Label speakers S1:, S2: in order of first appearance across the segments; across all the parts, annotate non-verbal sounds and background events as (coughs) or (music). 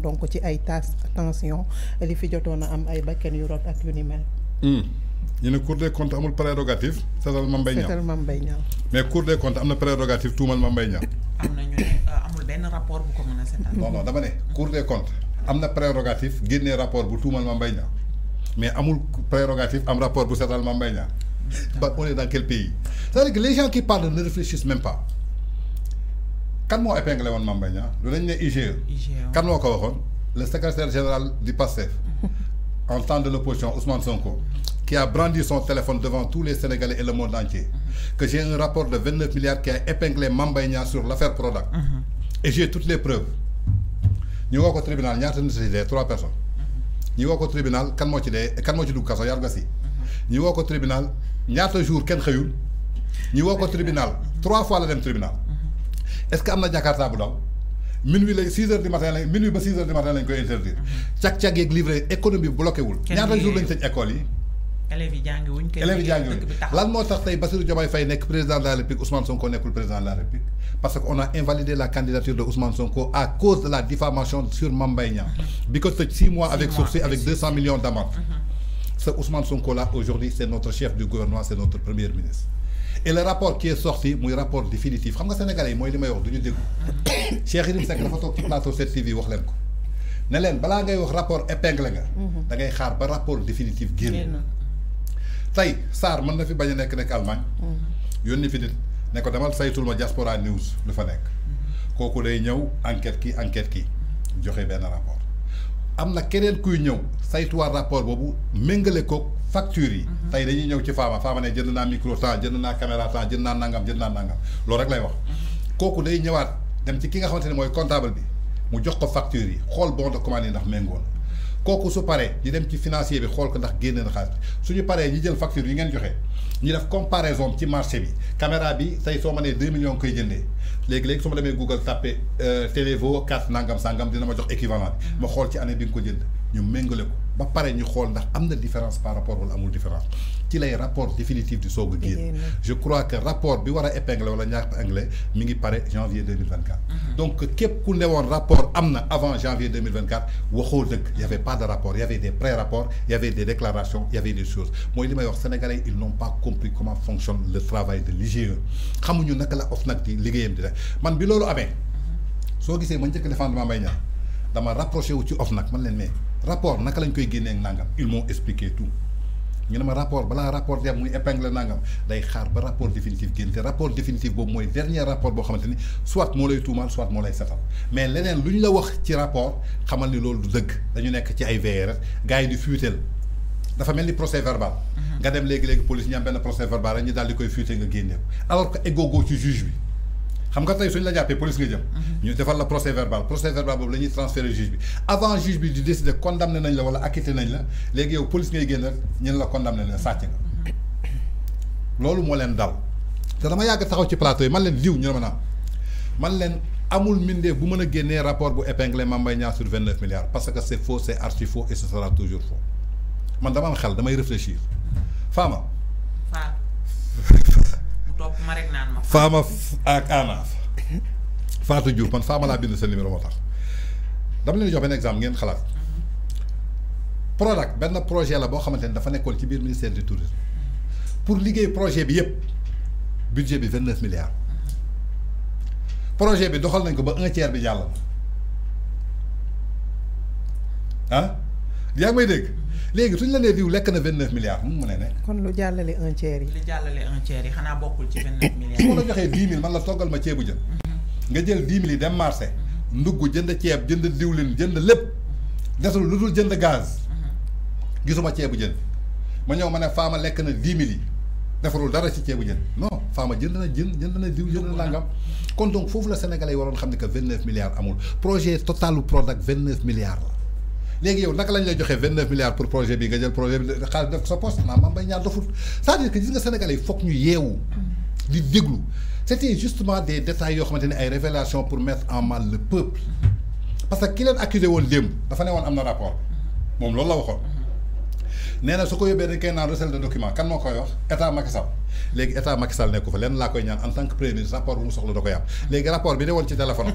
S1: donc ci ay tas tension li fi jotona am ay bakkan yu rot ak yu ni mel. Hmm. ñu ne cour des comptes amul prérogative seetal Mame Mbaye Niang seetal Mame Mbaye Niang mais cour des comptes amna prérogative tuumal Mame Mbaye Niang. am ñu euh, amul ben rapport bu ko mëna a non non dama ne cour des comptes amna prérogative guéné rapport bu tuumal Mame Mbaye Niang mais amul prérogative am rapport bu seetal Mame Mbaye Niang. ba on est dans quel pays c'est-à-dire que les gens qui parlent ne réfléchissent même pas épinglé lu e. e, le secrétaire général du PASTEF (laughs) en temps de l'opposition Ousmane Sonko qui a brandi son téléphone devant tous les Sénégalais et le monde entier mm-hmm. que j'ai un rapport de 29 milliards qui a épinglé Mame sur l'affaire Prodac mm-hmm. et j'ai toutes les preuves ñu au tribunal ñaata nit trois personnes mm-hmm. ñu au tribunal kan moo ci dee kan moo ci dugg kaso tribunal ñaata jour toujours xëyul ñu au tribunal trois fois le même tribunal est-ce que am jakarta bu minuit lay 6 heures du matin minuit ba 6 heures du matin lañ koy interdire. Chaque mhm. chaque yeeg livré économie bloqué wul. ñaata jour lañ tëj école yi. élève yi jàngi wuñ élèves lan mo tax tay Bassirou Diomaye Faye nek président de la République Ousmane Sonko nekul président de la République parce qu'on a invalidé la candidature de Ousmane Sonko à cause de la diffamation sur Mame Mbaye Niang mhm. bi 6 mois avec sursis avec 200 millions d'amende mhm. C'est Ousmane Sonko là aujourd'hui c'est notre chef du gouvernement c'est notre premier ministre et le rapport qui est sorti muy rapport définitif xam nga sénégalais moy mooy li may wax duñu ñu (coughs) Cheikh Yérim Seck dafa tok ci plateau 7TV wax len ko ne leen balaa ngay wax rapport épingle nga mhm. da ngay xaar ba rapport définitif guen tay sar man na fi baña nek nek nekk Allemagne mhm. yónni fi nit ne ko demal saytul ma diaspora news lu fa nek mhm. koku day ñew enquête ki enquête ki joxe ben rapport amna na keneen kuy ñew saytuwaat rapport boobu méngale koog factures yi. Mhm. tey dañuy ñëw ci Fama Fama ne jënd naa micro temps jënd naa caméra temps jënd naa nangam jënd naa nangam loolu rek lay wax. Mhm. kooku day ñëwaat dem ci ki nga xamante ne mooy comptable bi mu jox ko factures yi xool bon de commande yi ndax méngoon kooku su paree ñu dem ci financier bi xool ko ndax génne na xaalis suñu paree ñi jël facture yi ngeen joxe ñu def comparaison ci marché bi caméra bi tey soo ma nee deux millions koy jëndee léegi-léegi su ma demee Google tàppe Télévo carte dina ma jox équivalent bi mhm. ma ci année bi ko jënd. ñu méngale ko ba pare ñu xool ndax am différence par rapport wala amul différence ci lay rapport définitif du soog a je crois que rapport bi war a épinglé wala ñaar anglais mi ngi janvier 2024 mhm. donc képp ku newoon rapport am na avant janvier 2024 waxoo dëgg y avait pas de rapport y avait des pré-rapports y avait des déclarations y avait des choses mooy li may wax sénégalais ils n'ont pas compris comment fonctionne le travail de l'IGE xamuñu naka la OFNAC di liggéeyam di def man bi loolu amee mhm. soo gisee ma njëkk défendre ma Mbaye Niang dama rapproché wu ci OFNAC man leen mais rapport naka lañ koy guéné ak nangam ils m'ont expliqué tout ñu ne ma rapport bala rapport diam muy épingle nangam day xaar ba rapport définitif génn rapport définitif boobu moy dernier rapport bo xamante soit mo lay mal, soit mo lay setal mais leneen luñ la wax ci rapport xamal ni loolu du dëgg dañu nekk ci ay VR gaay yi di dafa mel ni procès verbal. Mhm. nga dem léegi léegi police ñu am benn procès verbal rek ñu daal di koy fuute nga génneeku alors que eggoo ci juge bi xam nga tey suñu la jàppee police nga jëm. Mhm. ñu defal la procès verbal procès verbal boobu la ñuy transférer juge bi avant juge bi di décider condamné nañ la wala acquitté nañ la léegi yow police ngay génn ñun la condamné na sàcc nga. Mhm. loolu moo leen dal te dama yàgg taxaw ci plateau yi man leen diw ñu ne ma naan man leen amul mbindeef bu mën a génnee rapport bu épinglé ma Mbaye Niang sur vingt milliards parce que c' est faux c' est archi faux et ce sera toujours faux man dama am xel damay réfléchir mhm. Fama. waaw. (laughs) topp ma rek naan ma. Faama ak Ana man Faama laa bind sa numéro moo tax dama leen jox benn exemple ngeen xalaat. Prodac benn projet la boo xamante ni dafa nekkoon ci biir ministère du tourisme pour liggéey projet bi yëpp budget bi vingt neuf milliards. projet bi doxal nañ ko ba un tiers bi jàll na yaa ngi may dégg léegi suñ la nee diw lekk na vingt neuf milliards mun mu ne ne. kon lu jàllale un yi. lu jàllale un tiers yi xanaa bokkul ci vingt neuf milliards. su ma la joxee dix mille man la toggal ma ceebu jën. Mhm. nga jël dix mille yi dem marché. jënd ceeb jënd diwlin jënd lépp. desul lu dul jënd gaz. Mhm. gisuma ceebu jën. ma ñëw ma ne faama lekk na dix mille yi. defarul dara ci ceebu jën. non faama jën na jën jënd na diw jënd na nangam. kon donc foofu la sénégalais yi waroon xam ne que vingt neuf milliards amul projet totalu Prodac vingt neuf milliards la. léegi yow naka lañ lay joxee vingt neuf milliards pour projet bi nga jël projet bi xaalis def ko sa poste maanaam mbay ñaar doful c'est-à-dire que gis nga sénégalais yi foog ñu yeewu di déglu c'était justement des détails yoo xamante ne ay révélations pour mettre en mal le peuple parce que ki leen accusé woon démb dafa ne woon am na rapport moom loolu la waxoon nee na su ko yóbbee dañ koy naan recel de document kan moo koy wax état Macky Sall léegi état Macky Sall nekku fa lenn laa koy ñaan en tant que premier ministre rapport bu mu soxla da ko am léegi rapport bi ne woon ci téléphone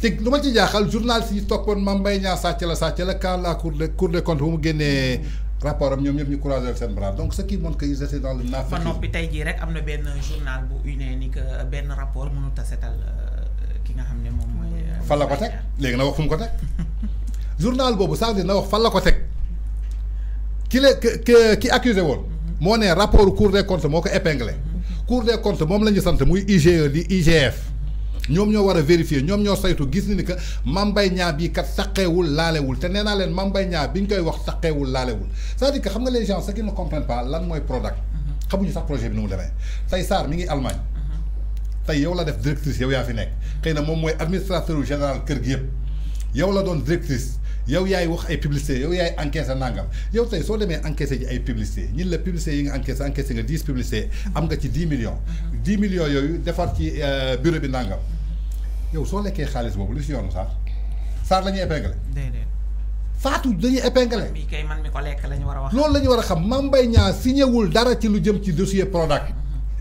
S1: te lu ma ci jaaxal journaliste yi toppoon Mame Mbaye Niang sàcc la sàcc la quand la cour de cour des bu mu génnee rapport am ñoom ñëpp ñu croiser seen bras donc ce qui montre que ils étaient na benn journal bu benn rapport mënut a setal euh, ki nga xam ne moom mooy. Euh, fan la ko teg léegi na wax fu ko teg (laughs) journal boobu ça veut na wax fan la ko teg ki la ki ki woon. moo ne rapport cour des comptes moo ko épinglé. Mhm. cour des comptes moom la ñu sant muy IGE di IGF. ñoom ñoo war a vérifier ñoom ñoo saytu gis ni ni que mambay Mbaye Niang bii kat saqeewul laalewul te nee naa leen mambay Mbaye bi ñu koy wax saqeewul laalewul sa à dire xam nga les gens ce qui ne comprennent lan mooy Prodac mm-hmm. xamuñu sax projet bi nu mu demee tey saar mi ngi Allemagne mm-hmm. tey yow la def directrice yow yaa fi nekk xëy na moom mooy administrateur général kër gi yëpp yow la doon directrice yow yaay wax ay publicité yow yaay encaissé nangam yow tey soo demee encaissé ji ay publicité ñun la publicité yi nga encaissé encaissé nga dix publicité am nga ci dix millions. Mhm. dix millions yooyu defar ci euh, bureau bi nangam yow soo lekkee xaalis boobu lu si yoonu Sarr Sarr la ñuy épinglé. déedéet Fatou dañuy épinglé. bii kay man mi ko lekk la ñu war a wax. loolu la ñu war a xam Mame Mbaye Niang signé wul dara ci lu jëm ci dossier Prodac.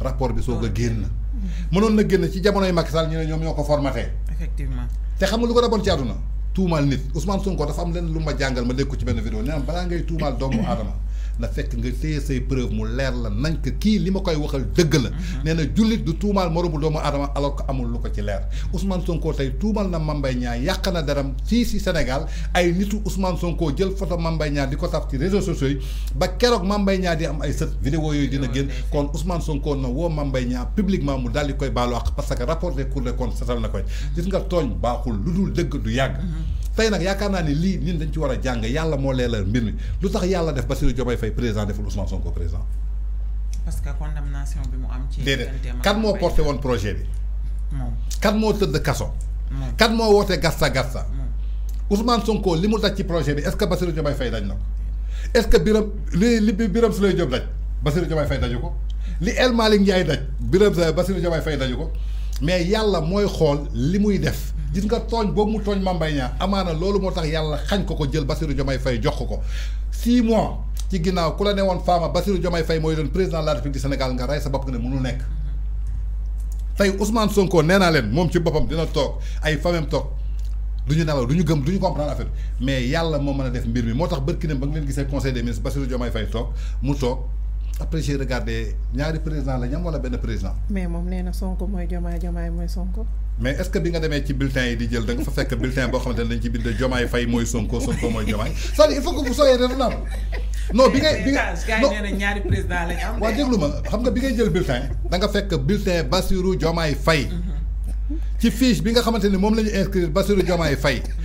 S1: rapport bi soog a génn. mënoon na génn ci jamonoy Macky Sall ñu ne ñoom ñoo ko formaté. effectivement te xam nga lu ko raboon ci àdduna. tuumaal nit Ousmane Sonko dafa am leen lu ma jàngal ma dégg ko ci benn vidéo nee na balaa ngay tuumaal doomu aadama. na fekk nga téye say preuve mu leer la nañ ko kii li ma koy waxal dëgg la mhm. nee na jullit du tuumaal moromu doomu aadama alors que amul lu ko ci leer Ousmane Sonko tey tuumal na Mame Mbaye yàq na deram fii si Sénégal ay nitu Ousmane Sonko jël foto Mame Mbaye di ko taf ci réseaux sociaux yi ba keroog mambay ñaa di am ay sët vidéo yooyu dina génn kon Ousmane Sonko na woo Mame Mbaye Niang publiquement mu daal di koy baalo àq parce que rapport des cours des comptes setal na koy mhm. gis nga tooñ baaxul lu dëgg du yàgg mhm. tey nag yaakaar naa ni lii ñun dañ ci war a jàng yàlla moo leelal mbir mi lu tax yàlla def Bassirou Diomaye Faye président deful Ousmane Sonko président. parce que condamnation bi mu am. ci déedéet kan moo porté woon projet bi. moom kan moo tëdd kaso. kan moo woote gasta gasta. Ousmane Sonko li mu daj ci projet bi est-ce que Bassirou Diomaye Faye daj na ko. est-ce que Biram li li Biram Souleye Diop daj Bassirou Diomaye Faye daju ko li El Malick Ndiaye daj Biram Bassirou Diomaye Faye daju ko mais yàlla mooy xool li muy def. gis nga tooñ boobu mu tooñ Mame Mbaye Niang amaana loolu moo tax yàlla xañ ko ko jël Bassirou Diomaye Faye jox ko ko mois ci ginnaaw ku la ne woon Fama Bassirou Diomaye Faye mooy doon président de la République du Sénégal nga rey sa bopp nga ne mënul nekk tey Ousmane Sonko naa leen moom ci boppam dina toog ay famem toog du ñu nelaw du ñu gëm du ñu comprendre affaire yàlla moo mën a def mbir mi moo tax bërki ne ba leen gisee conseil des ministres Bassirou Diomaye Faye toog mu toog après j'ai regardé ñaari président la ñam wala benn président mais moom nee na Sonko mooy Diomaye Diomaye mooy Sonko mais est que bi nga demee ci bulletin yi di jël da nga fa fekk bulletin boo xamante ne dañ ci bind Diomaye Faye mooy Sonko Sonko mooy Diomaye c'est-à-dire il faut que vous soyez raisonnable
S2: bi ngay bi nga nee na
S1: ñaari président déglu ma xam nga bi ngay jël bulletin da nga fekk bulletin Bassirou Diomaye fay mhm. ci fiche bi nga xamante ni moom la ñu inscrire Bassirou Diomaye Faye